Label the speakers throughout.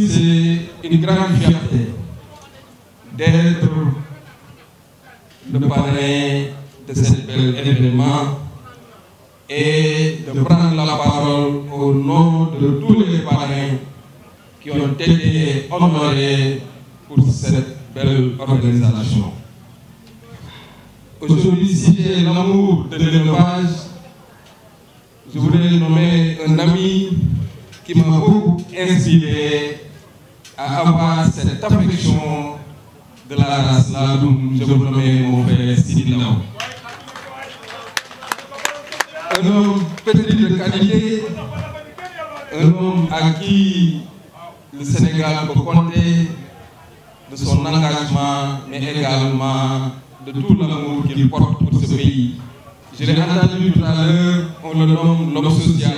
Speaker 1: C'est une grande fierté d'être le parrain de ce bel événement et de prendre la parole au nom de tous les parrains qui ont été honorés pour cette belle organisation. Aujourd'hui, cité l'amour de l'élevage, je voudrais nommer un ami qui m'a beaucoup inspiré à avoir cette affection de la race Ladoum, je vous nomme mon frère Sidi Ndaw. Un homme pétri de qualité,
Speaker 2: un homme à qui le
Speaker 1: Sénégal peut compter de son engagement, mais également de tout l'amour qu'il porte pour ce pays. Je l'ai entendu tout à on le nomme l'homme social.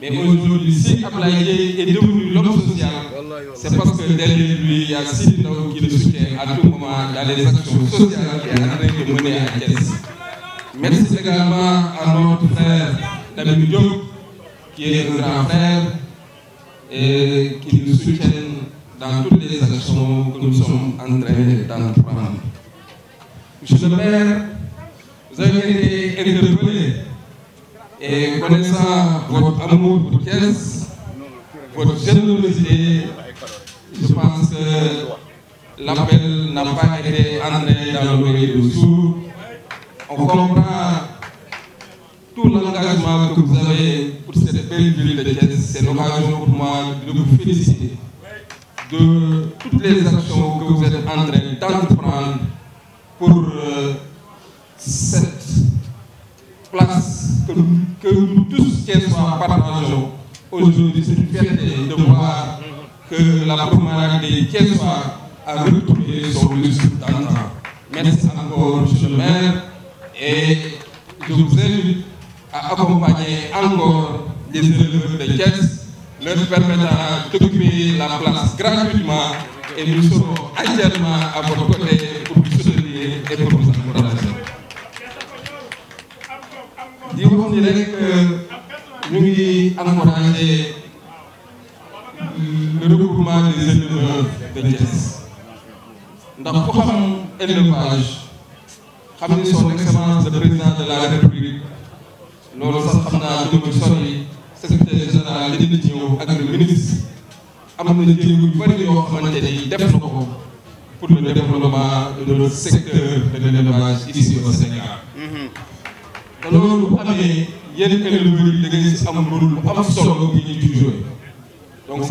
Speaker 1: Mais aujourd'hui, si Ablaye est devenu l'homme social, c'est parce que derrière lui, il y a Sidnao qui le soutient à moment dans les actions sociales qu'il est en train de mener à Thiès. Merci également à notre frère Damien Diop, qui est un grand frère et qui nous soutient dans toutes les actions que nous sommes en train d'entreprendre. Monsieur le maire, vous avez été interpellé et connaissant votre amour pour Thiès, votre générosité, je pense que l'appel n'a pas été entré dans le l'oreille du sourd. On comprend tout l'engagement que vous avez pour cette belle ville de Thiès. C'est l'occasion pour moi de vous féliciter de toutes les actions que vous êtes en train d'entreprendre pour euh, place que nous, que nous tous Thiessois partageons. Aujourd'hui, c'est de voir que la promenade des Thiessois a retrouvé son lustre d'antan. Merci encore, monsieur le maire, et je vous à accompagner encore les élèves de Thiès, leur permettant d'occuper la place gratuitement et nous serons entièrement à votre côté. wax ni rek euh, ñu ngi encouragé euh, le regroupement des éleveurs de Thiès ndax ku xam élevage xam ni son excellence le président de la république loolu sax xam naa duma ci sori secrétaire général li dina ci ñëw ak le ministre am na jéego yu bëri yoo xamante ni def na ko pour le développement de notre secteur de l'élevage ici au Sénégal
Speaker 2: mm-hmm.
Speaker 1: te loolu bu amee yenn catégorie da nga gis am rôle bu am solo bi ñu ciy joué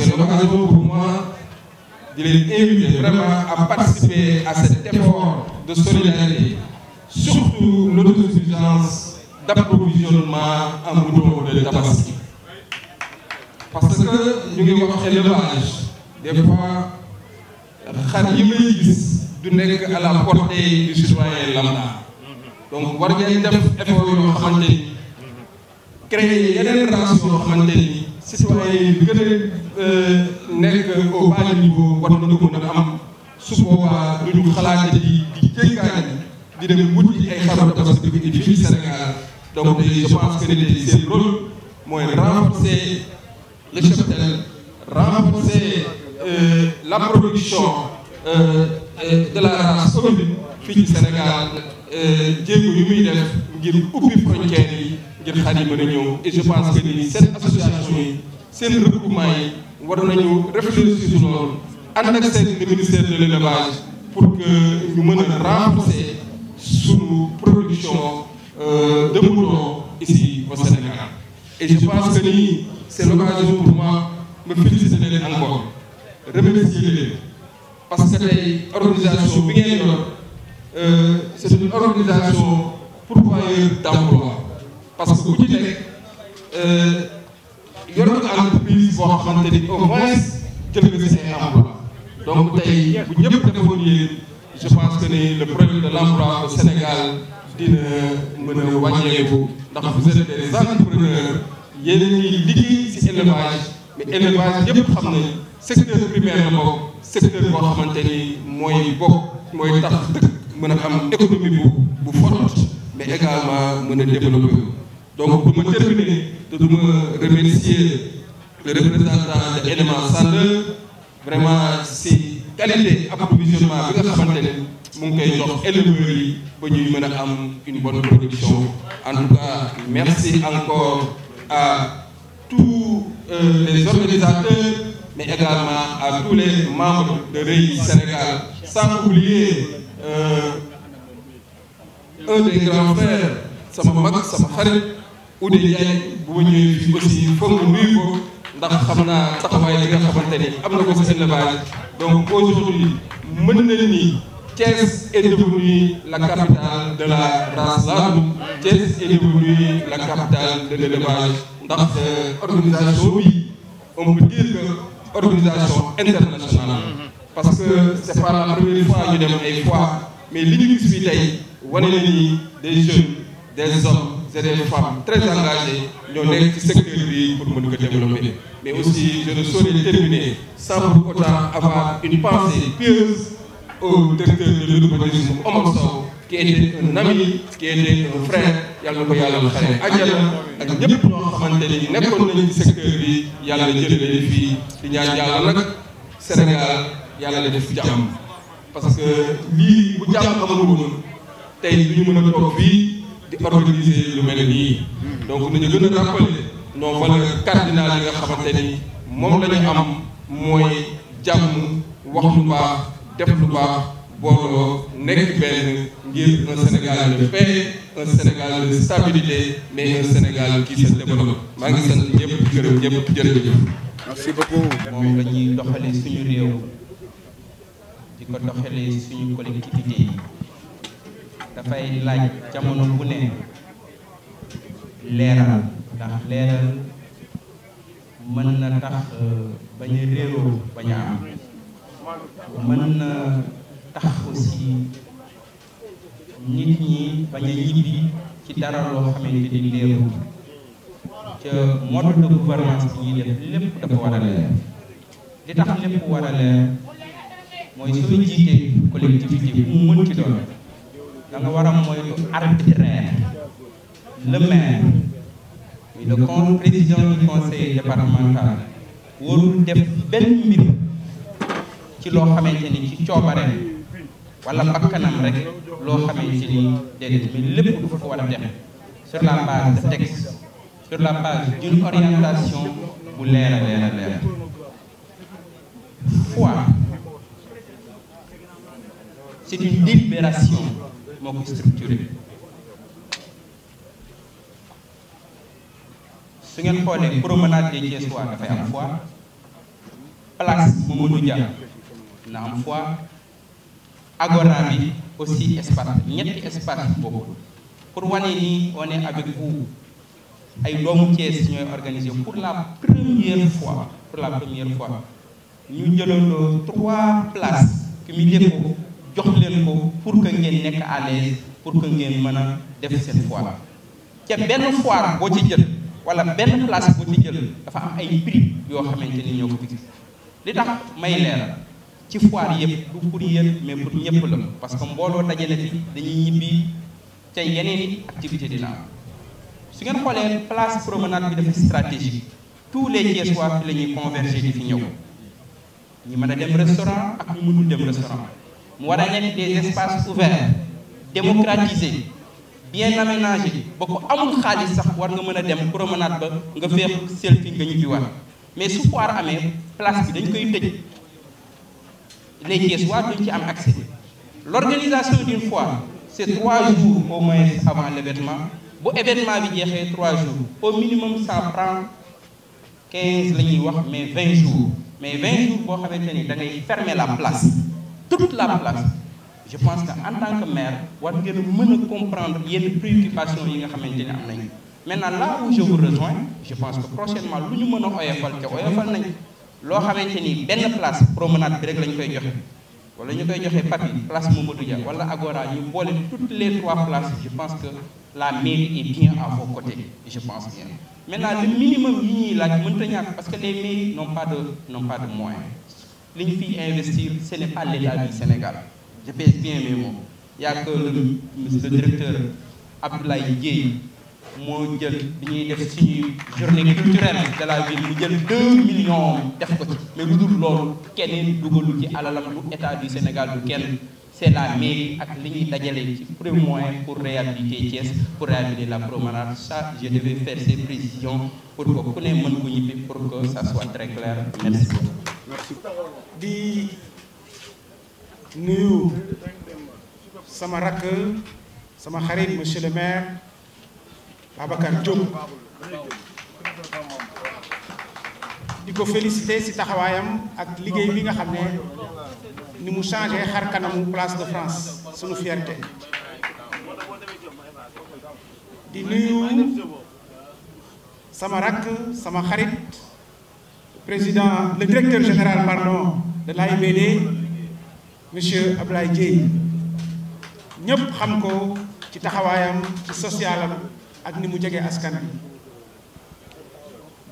Speaker 1: di leen inviter vraiment à participer à cet effort de solidarité surtout l'autosuffisance d'approvisionnement en mouton de Tabaski parce que ñu ngi wax élevage des fois xar yi may gis du nekk à la portée du citoyen lambda donc war ngeen def effort yoo xamante ni créer yeneen relation yoo xamante ni citoyen yi gën a euh, nekk au bas niveau war na ko mën am su boobaa du ñu xalaate di di jéggaani di dem wuti ay xaru tabaski bi indi fii Sénégal donc je pense que ni seen rôle mooy renforcer le cheptel renforcer euh, la production euh, de la race fii Sénégal Euh, jéego yu muy def ngir ubbi frontières yi ngir xar yi mën a ñëw et je que ni seen association yi seen regroupement yi war nañu réfléchir sur loolu ànd ak seen le ministère de l'élevage pour que ñu mën a renforcer suñu production euh, de moutons ici au Sénégal et je pense que nii c'est l'occasion pour moi ma féliciter leen encore remercier leen parce que tey organisation bi ngeen yor Euh, c'est une organisation pourvoyeuse d'emploi parce que ku ci nekk euh, yor nga entreprise boo xamante ni au moins jël nga say emploi donc tey bu ñëpp defoon je pense que ni le problème de l'emploi au Sénégal dina mën a wàññeeku ndax vous êtes des entrepreneurs yéen a ngi liggéey ci élevage
Speaker 2: mais élevage yëpp xam nañ
Speaker 1: secteur primaire la bokk secteur boo xamante ni mooy bokk mooy tax dëkk mën a am économie bu bu forte mais également mën a développer donc pour ma terminer te ma remercier le représentant de élément Sandeur vraiment si qualité approvisionnement bi nga xamante ne mu ngi koy jox ba ñuy mën a am une bonne production en tout cas merci encore à
Speaker 3: tous
Speaker 1: euh, les organisateurs mais également à tous les membres de Réi Sénégal sans oublier Euh, un des grands frères sama mag sama xarit Oudé Diagne bu ma ñëwee fii foog mu nuyu ko ndax xam naa taxawaay li nga xamante ni am na ko ci élevage donc aujourd'hui mën nañ ni Thiès est devenue la capitale de la race Ladoum Thiès est devenue la capitale de l'élevage ndax euh, organisation bi on peut organisation internationale parce que c'est pas la première fois ñu dem ay fois mais li ñu gis fii tey wane na ni des jeunes des hommes et des femmes très engagés ñoo nekk ci secteur bi pour mën ko développer mais aussi je ne saurais terminer sans pour autant une pensée pieuse au directeur de l'urbanisme Omar Sow qui était un ami qui était un frère yàlla na ko yàlla xare àjjana ak ñëpp ñoo xamante ni nekkoon nañu ci secteur bi yàlla jëlee fii di ñaan yàlla nag Sénégal yàlla def fi jàmm parce que lii bu jàmm amul woon tey du ñu mën a fii di organiser lu mel nii donc nañu gën a rappeler nos valeurs cardinales yi nga xamante ni moom la ñu am mooy jàmm wax lu baax def lu baax booloo nekk benn ngir un Sénégal de paix Sénégal de stabilité
Speaker 3: mais un Sénégal qui se développe maa ngi sant ñëpp gërëm ñëpp jërëjëf. merci beaucoup moom la ñuy suñu réew. ko doxalee suñu collectivité yi dafay laaj jamono bu ne leeral ndax leeral mën na tax euh, bañ a réeroo bañ a am mën na tax aussi nit ñi bañ a ñibbi ci dara loo xamante ni leerul ca mode de gouvernance ñuy def lépp dafa war a leer li tax lépp war a leer mooy soo jiitee collectivité bu mu mënti doon da nga war a moytu le maire muy le con président du conseil départemental warul def benn mbir ci loo xamante ni ci coobareem wala bakkanam rek loo xamante ni déedéet mais lépp du fa war a sur la base de texte sur la base d'une orientation bu leer a leer fois c'est une libération moo ko structuré su ngeen xoolee promenade des Thiessois dafay am foire place Mamadou Dia na am foire agora bi aussi espace ñetti espace boobu pour wane nii on avec vous ay doomu Thiès ñooy organisé pour la première fois pour la première fois ñu jëlandoo trois places cumulé ko jox leen ko pour que ngeen nekk à pour que ngeen mën a def seen foire ca benn foire boo ci jël wala benn place boo ci jël dafa am ay prix yoo xamante ni ñoo ko fixé li tax may leeral ci foire yëpp du pour yéen mais pour ñëpp la parce que mbooloo dajale fi dañuy ñibbi ca yeneen activité dina am su ngeen xoolee place promenade bi dafa stratégique tous les Thiessois fi la ñuy converger di fi ñëw ñu mën a dem restaurant ak ñu mënul dem restaurant mu war a nekk des espaces ouverts démocratisés bien aménagés ba ko amul xaalis sax war nga mën a dem promenade ba nga féex selfie nga ñibbi war mais su foire amee place bi dañ koy tëj les Thiessois duñ ci am accès l'organisation d'une foire c'est trois jours au moins avant l'événement bu événement bi jeexee trois jours au minimum ça prend quinze la ñuy wax mais vingt jours mais vingt jours boo xamante ni da ngay fermer la place toute la place je pense que en tant que maire war ngeen mën a comprendre yenn préoccupation yi nga xamante ne am nañ maintenant là où je vous rejoins je pense que prochainement lu ñu mën a oyofal te oyofal nañ loo xamante ni benn place promenade bi rek lañ koy joxe wala ñu koy joxe Papi place Mamadou Dia wala Agora ñu boole toutes les trois places je pense que la mairie est bien à vos côtés je pense bien maintenant le minimum yi ñuy laaj mënta parce que les mairies n'ont pas de li ñu fiy investir ce n'est pas l'État du Sénégal je pèse bien mes mots y'a que directeur Abdoulaye Dièye moo jël bi ñuy def suñuy journée culturelle de la ville mu jël 2 millions def ko ci mais lu dul loolu keneen dugalu ci alalam du état du Sénégal du kenn c'est la mairie ak li ñuy dajale ci pré moyen pour réhabiliter Thiès pour réhabiliter la promenade ça je devais faire ces précisions pour que ku ne mën ko ñibbi pour que ça soit très clair merci
Speaker 4: di nuyu sama rakk sama xarit monsieur le maire Babacar Diop di ko félicité ci taxawaayam ak liggéey bi nga xam ne ni mu changé xar kanamu place de France sunu fierté di nuyu sama rakk sama xarit président le directeur général pardon de l'AIBD monsieur Ablaye Dièye ñépp xam ko ci taxawaayam ci socialam ak ni mu jege askan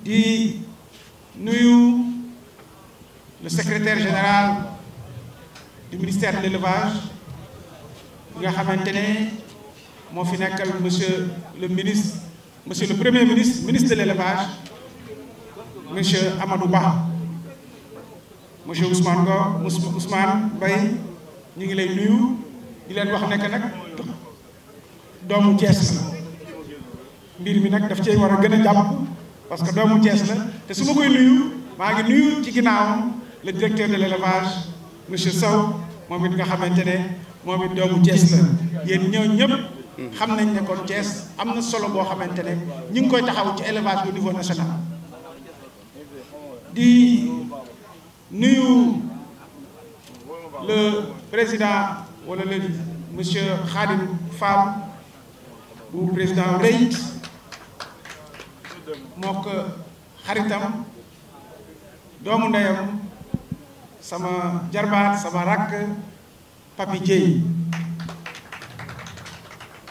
Speaker 4: di nuyu le secrétaire général du ministère de l'élevage nga xamante ne moo fi nekkal monsieur le ministre monsieur le premier ministre ministre de l'élevage monsieur Amadou Ba monsieur Ousmane Go Ousmane Mbaye ñu ngi lay nuyu di leen wax nekk nag doomu Cees la mbir mi nag daf cee war a gën a jàpp parce que doomu Cees la te su ma koy nuyu maa ngi nuyu ci ginnaawam la directeur de l' élevage monsieur Sow moom it nga xamante ne moom it doomu Cees la yéen ñëw ñëpp. xam nañ ne kon Thiès am na solo boo xamante ne ñu ngi koy taxaw ci élevage au niveau national di nuyu le président wala le monsieur Khadim Fall bu président rëy moo ko xaritam doomu ndeyam sama jarbaat sama rakk Papi Dieye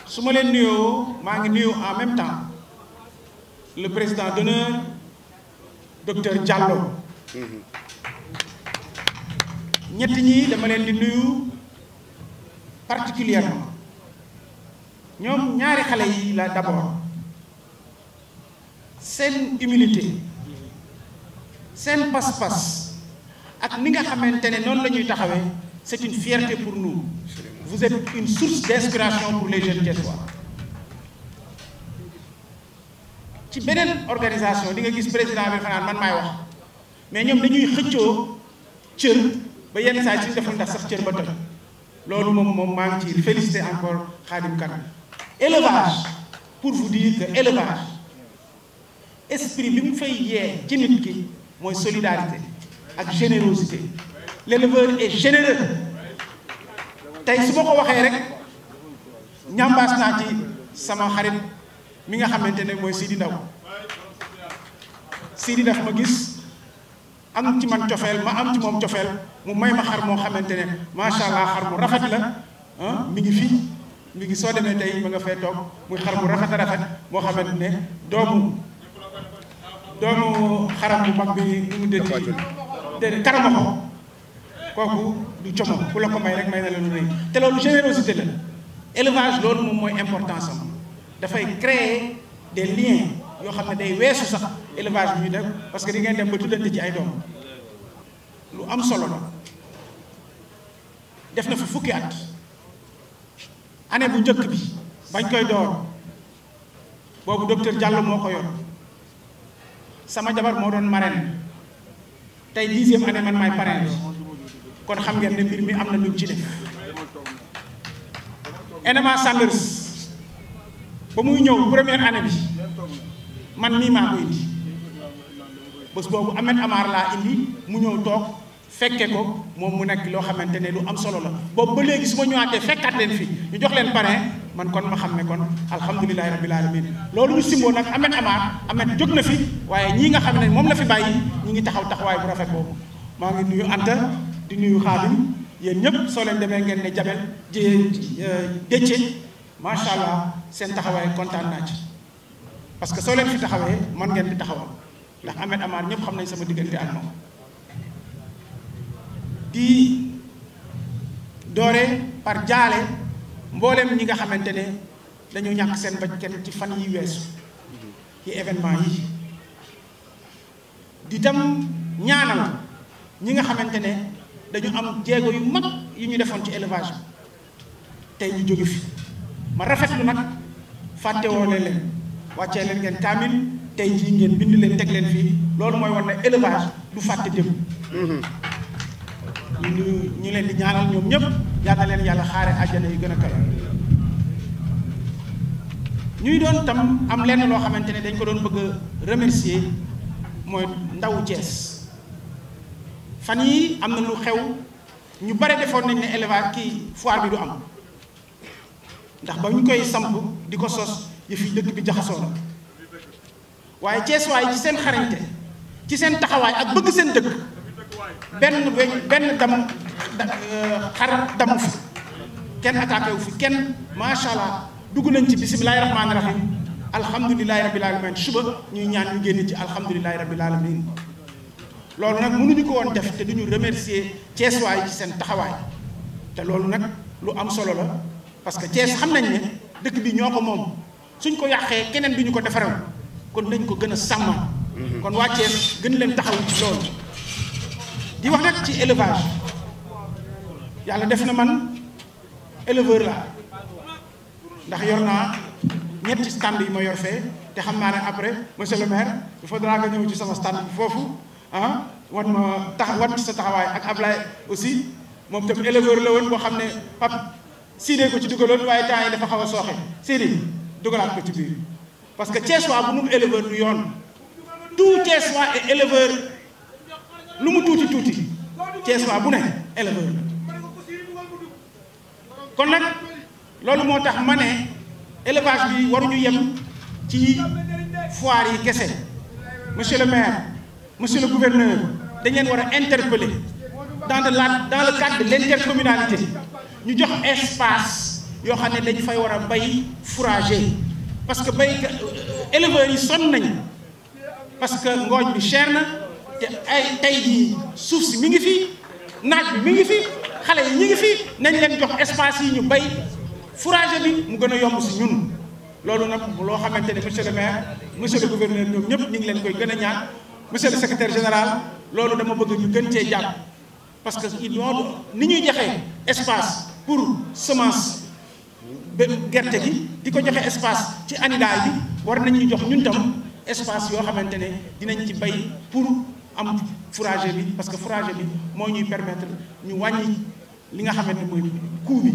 Speaker 4: su ma leen nuyoo maa ngi nuyu en même temps le président d'honneur docteur Diallo. Mm-hmm. ñett ñii dama leen di nuyu particulièrement ñoom ñaari xale yi la d'abord seen humilité seen pas-pas ak ni nga xamante ne noonu la ñuy taxawee c'est une fierté pour nous vous êtes une source d'inspiration pour les jeunes Thiessois ci beneen organisation di nga gis président bi fanaan man maay wax mais ñoom dañuy xëccoo cër ba yenn saa ci deful ndax sax cër ba toj loolu moom moom maa ngi ci félicité encore Khadim Kane élevage pour vous dire que élevage esprit bi mu fay yee ci nit ki mooy solidarité ak générosité l'éleveur est généreux tey su ma ko waxee rek ñambaas naa ci sama xarit mi nga xamante ne mooy Sidi Ndaw Sidi daf ma gis am ci man cofeel ma am ci moom cofeel mu may ma xar moo xamante ne macha allah xar mu rafet la ah, mu ngi fii mi ngi soo demee tey ma nga fee toog muy xar mu rafet a rafet moo xamante ne doomu doomu xaram bu mag bi nu mu dëddi déedéet karama ko kooku du como ku la ko may rek may na la lu rëy te loolu générosité la élevage loolu moom mooy importance am dafay créer des liens yoo xam ne day weesu sax élevage bi def parce que di ngeen dem ba tuddante ci ay doom lu am solo la def na fa fukki at année bu njëkk bi bañ koy door boobu docteur jàll moo ko yor sama jabar moo doon marraine tey ma année man maay parrain bi kon xam ngeen ne mbir mi am na lu ci def NMA Sanders ba muy ñëw première année bi man mii maa ko indi bés boobu Ahmed Amar laa indi mu ñëw toog fekke ko moom mu nekk loo xamante ne lu am solo la boobu ba léegi su ma ñëwaatee fekkaat leen fi ñu jox leen parrain man kon ma xam ne kon alhamdulilahi rabil alamin loolu ñu simboo nag Ahmed Amar Ahmed jóg na fi waaye ñii nga xam ne moom la fi bàyyi ñi ngi taxaw taxawaay bu rafet boobu maa ngi nuyu Anta di nuyu Xaadim yéen ñëpp soo leen demee ngeen ne jabel jé eh, décce macha allah seen taxawaay kontaan naa que soo leen fi taxawee man ngeen di taxawal ndax Ahmed Amar ñëpp xam nañ sama diggante ak moom di doore par jaale mbooleem ñi nga xamante ne dañu ñàkk seen bakkan ci fan yi weesu ci événement yi di tam ñaanal ñi nga xamante ne dañu am jéego yu mag yu ñu defoon ci élevage tey ñu jóge fi ma rafetlu nag fàttewoo leen leen wàccee leen ngeen kaamil tey jii ngeen bind leen teg leen fii loolu mooy wane ne élevage du fàtte démb. Mm-hmm. ñu ñu leen di ñaanal ñoom ñëpp yal leen yàlla xaare àjjana yi gën a kawe. ñuy doon tam am lenn loo xamante ne dañ ko doon bëgg a mooy ndawu Cees fan yi am na lu xew ñu bare defoon nañ ne élevage kii foire bi du am ndax ba ñu koy samp di ko sos yëf yi dëkk bi jaxasoo waaye Cees waay ci seen xarañte ci seen taxawaay ak bëgg seen dëkk benn weñ benn dam euh, xar damu fi kenn attaqué wu fi kenn macha allah dugg nañ ci bisimilahi rahmaani rahim alhamdulilahi rabil alamin suba ñuy ñaan ñu génn ci alhamdulilahi rabil alamin loolu nag mënuñu ko woon def te duñu remercier Cees waay ci seen taxawaay te loolu nag lu am solo la parce que Cees xam nañ ni dëkk bi ñoo ko moom suñ ko yàqee keneen bi ñu ko defaral kon nañ ko gën a sàmm kon waa gën leen taxaw ci loolu di wax nag ci élevage yàlla def na man éleveur la ndax yor naa ñetti stand yi ma yor fee te xam naa ne après monsieur le maire il faudra nga foofu ah wan ma tax wan sa taxawaay ak Ablaye aussi moom tam éleveur la woon boo xam ne pap siidee ko ci dugaloon waaye temps yi dafa xaw a sooxe séedee dugalaat ko ci biir parce que Thiessois bu nul éleveur du yoon tout Thiessois est éleveur lu mu tuuti tuuti Thiessois bu ne éleveur kon nag loolu moo tax ma ne élevage bi waruñu yem ci foire yi kese monsieur le maire monsieur le gouverneur dañ leen war a interpeller dans de la dans le cadre de l'intercommunalité ñu jox espace yoo xam ne dañu fay war a bay fourrager parce que baykat éleveurs yi sonn nañu parce que ngooñ bi cher na te ay tey jii suuf si mi ngi fi naaj bi mi ngi fi xale yi ñu ngi fi nañu leen jox espace yi ñu bay fourage bi mu gën a yomb si ñun. loolu nag loo xamante ne monsieur le maire monsieur le gouverneur ñoom ñëpp ñu ngi leen koy gën a ñaan monsieur le secrétaire général loolu dama bëgg ñu gën cee jàpp parce que ñoo ni ñuy joxe espace pour semence. gerte gi di ko joxe espace ci anidaay bi war nañu jox ñun tam espace yoo xamante ne dinañ ci bay pour am fourager bi parce que fourager bi moo ñuy permettre ñu wàññi li nga xamante mooy coût bi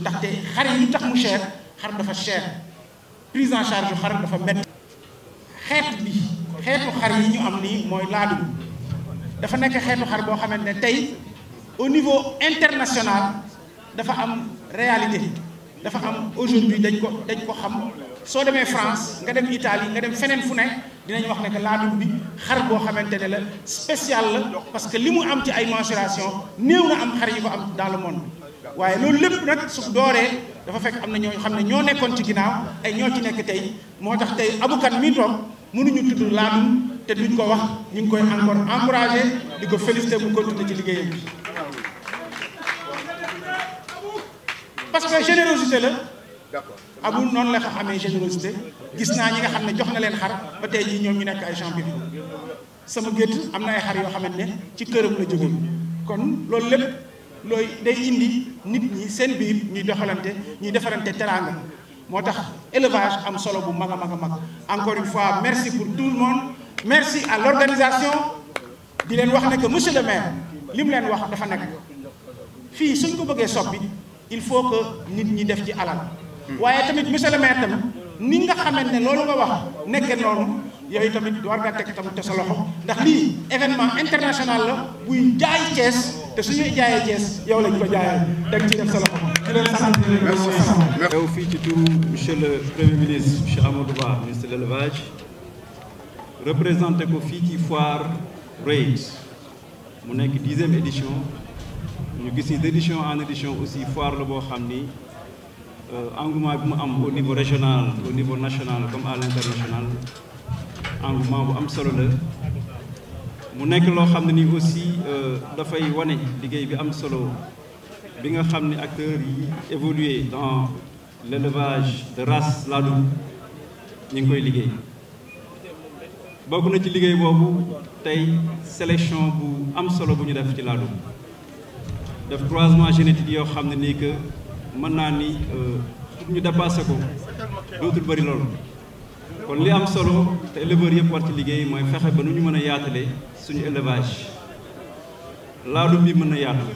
Speaker 4: ndaxte xar yi tax mu cher xar dafa cher prise en charge yu xar dafa métti. xeet bi xeetu xar yi ñu am nii mooy laadum dafa nekk xeetu xar boo xamante ne tey au niveau international dafa am réalité. dafa am aujourd'hui dañ ko dañ ko xam soo demee France nga dem Italie nga dem feneen fu ne dinañu wax ne que laadum bi xar boo xamante ne la spécial la parce que li mu am ci ay mensuration néew na am xar yi ko am dans le monde waaye loolu lépp nag su dooree dafa fekk am na ñoo xam ne ñoo nekkoon ci ginnaaw ay ñoo ci nekk tey moo tax tey abukat mi toog mënuñu tudd laadum te duñ ko wax ñu ngi koy encore encouragé di ko félicité bu continuer ci liggéeyam bi parce que générosité la amul noonu la ko amee générosité gis naa ñi nga xam ne jox na leen xar ba tey jii ñoom ñu nekk ay champion sama gétt am na ay xar yoo xamante ne ci këram la jógee kon loolu lépp looy day indi nit ñi seen biir ñuy doxalante ñuy defarante teraanga moo tax élevage am solo bu mag a mag a mag encore une fois merci pour tout le monde merci à l'organisation di leen wax ne que monsieur le maire li mu leen wax dafa nekk fii suñ ko bëggee soppi il faut que nit ñi def ci alal waaye tamit monsieur le maire tamit ni nga xamante ne loolu nga wax nekke noonu yooyu tamit war nga teg tamit te sa loxo ndax lii événement international la buy jaay Thiès te suñuy ñuy jaayee Thiès yow lañ ko jaayee teg ci def sa loxo
Speaker 2: di yow fii ci turu monsieur le premier ministre monsieur Amadou Ba ministre de l'élevage ko fii ci foire RAID mu nekk dixième édition ñu gis ni d'édition en édition aussi foire la boo xam ni euh, engouement bi mu am au niveau régional au niveau national comme à l'international engouement bu am solo la mu nekk loo xam ne ni aussi euh, dafay wane liggéey bi am solo bi nga xam ni acteurs yi évolué dans l'élevage de race ladoum ñu ngi koy liggéey bokk na ci liggéey boobu tey sélection bu am solo bu ñu def ci ladoum def croisement génétique yoo xam ne nii que mën naa ni pour euh, ñu dépassé ko dootul bëri loolu kon li am solo te éleveurs yëpp war ci liggéey mooy fexe ba nu ñu mën a yaatale suñu élevage laadum bi mën a yaatu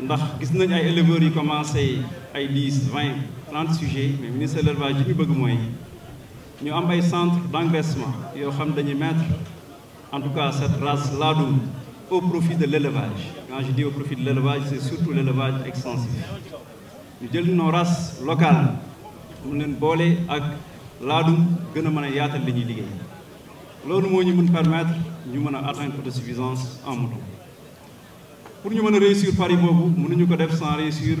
Speaker 2: ndax gis nañ ay éleveurs yi commencé ay dix vingt trente sujets mais ministère de yi ñu bëgg mooy ñu am ay centre d'engraissement yoo xam dañuy mettre en tout cas laadum au profit de l'élevage. Quand je dis au profit de l'élevage, c'est surtout l'élevage extensif. ñu jël nos races locales mun leen boole ak laadum gën a man a yaatal li ñuy liggéey loolu moo ñu mun permetre ñu mën a atteindre autosuffisance en mouton pour ñu mën a réussir pari boobu mënuñu ko def sans réussir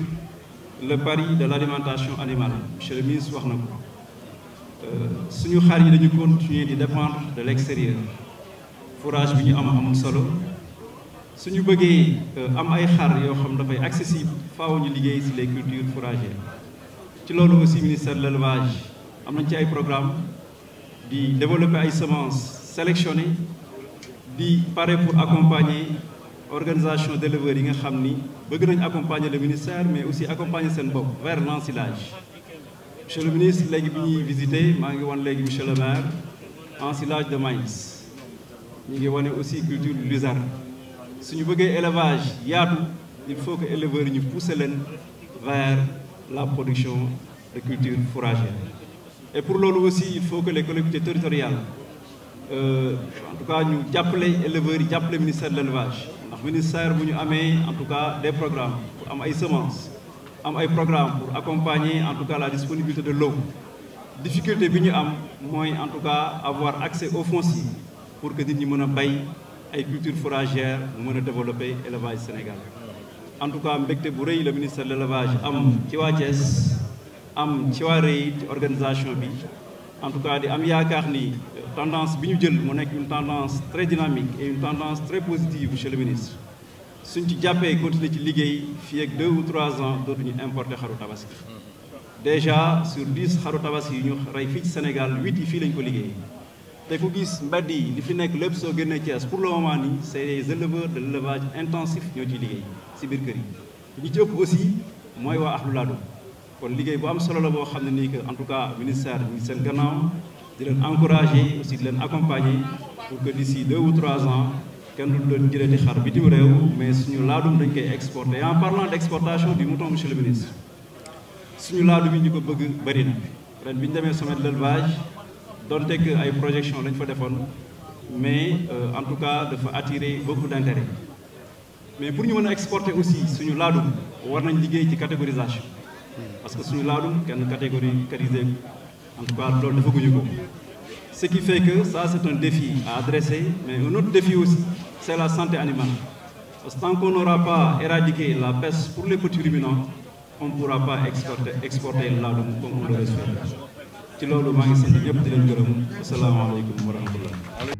Speaker 2: le pari de l'alimentation animale monsieur le ministre wax na ko euh, suñu xar yi dañu continuer di dépendre de l'extérieur fourrage bi ñu am amul solo su ñu bëggee euh, am ay xar yoo xam dafay accessible faaw ñu liggéey si les cultures fourragères ci loolu aussi ministère de l'élevage am nañ ci ay programme di développer ay semences sélectionnées di pare pour accompagner organisation d'éleveurs yi nga xam ni bëgg nañ accompagner le ministère mais aussi accompagner seen bopp vers l'ensilage monsieur le ministre léegi bi ñuy visité maa ngi wan léegi monsieur le maire ensilage de maïs ñu ngi wane aussi culture luzerne su ñu bëggee élevage yaatu il faut que éleveurs yi ñu pousser leen vers la production de cultures fourragères et pour loolu aussi il faut que les collectivités territoriales euh, en tout cas ñu jàppale éleveurs yi jàppale ministère de ndax ministère bu ñu amee en tout cas des programmes pour am ay semence am ay programmes pour accompagner en tout cas la disponibilité de l'eau difficulté bi ñu am mooy en tout cas avoir accès au yi pour que nit ñi mën a bay ay cultures fourragères mu mën a développer élevage Sénégal en tout cas mbégte bu rëy la ministre de l' élevage am ci waa Thiès am ci waa ci organisation bi en tout di am yaakaar ni euh, tendance bi ñu jël mu nekk une tendance très dynamique et une tendance très positive monsieur le ministre suñ ci jàppee continuer ci liggéey fii ak deux ou trois ans dootuñu importer xaru tabaski déjà sur dix xaru tabaski yi ñu rey fii ci Sénégal huit yi fii lañ ko liggéey te ku gis mbedd yi li fi nekk lépp soo génnee Thiès pour le moment nii c'est les de l'élevage intensif ñoo ciy liggéey si biir kër yi. ñi ci ëpp aussi mooy waa Ahlou Ladoum kon liggéey bu am solo la boo xam ne nii que en tout cas ministère bi seen gannaaw di leen encourager aussi di leen accompagner pour que d'ici deux ou trois ans. kenn du doon jëlee di xar bitim réew mais suñu laadum dañ koy exporter en parlant d' exportation du mouton monsieur le ministre suñu laadum yi ñu ko bëgg bëri na ren bi ñu de l' élevage donte que ay projection lañ fa defoon mais euh, en tout cas dafa attire beaucoup d' intérêt mais pour ñu mën a exporter aussi suñu laadum war nañ liggéey ci catégorisation parce que suñu laadum kenn catégorisé en tout cas loolu defaguñu ko ce qui fait que ça c' est un défi à adresser mais un autre défi aussi c' est la santé animale parce que tant qu'on n'aura pas éradiqué la peste pour les petits ruminants on ne pourra pas exporter exporter laadum comme on le ci loolu maa ngi sant ñëpp di leen gërëm asalaamaaleykum wa rahmatullah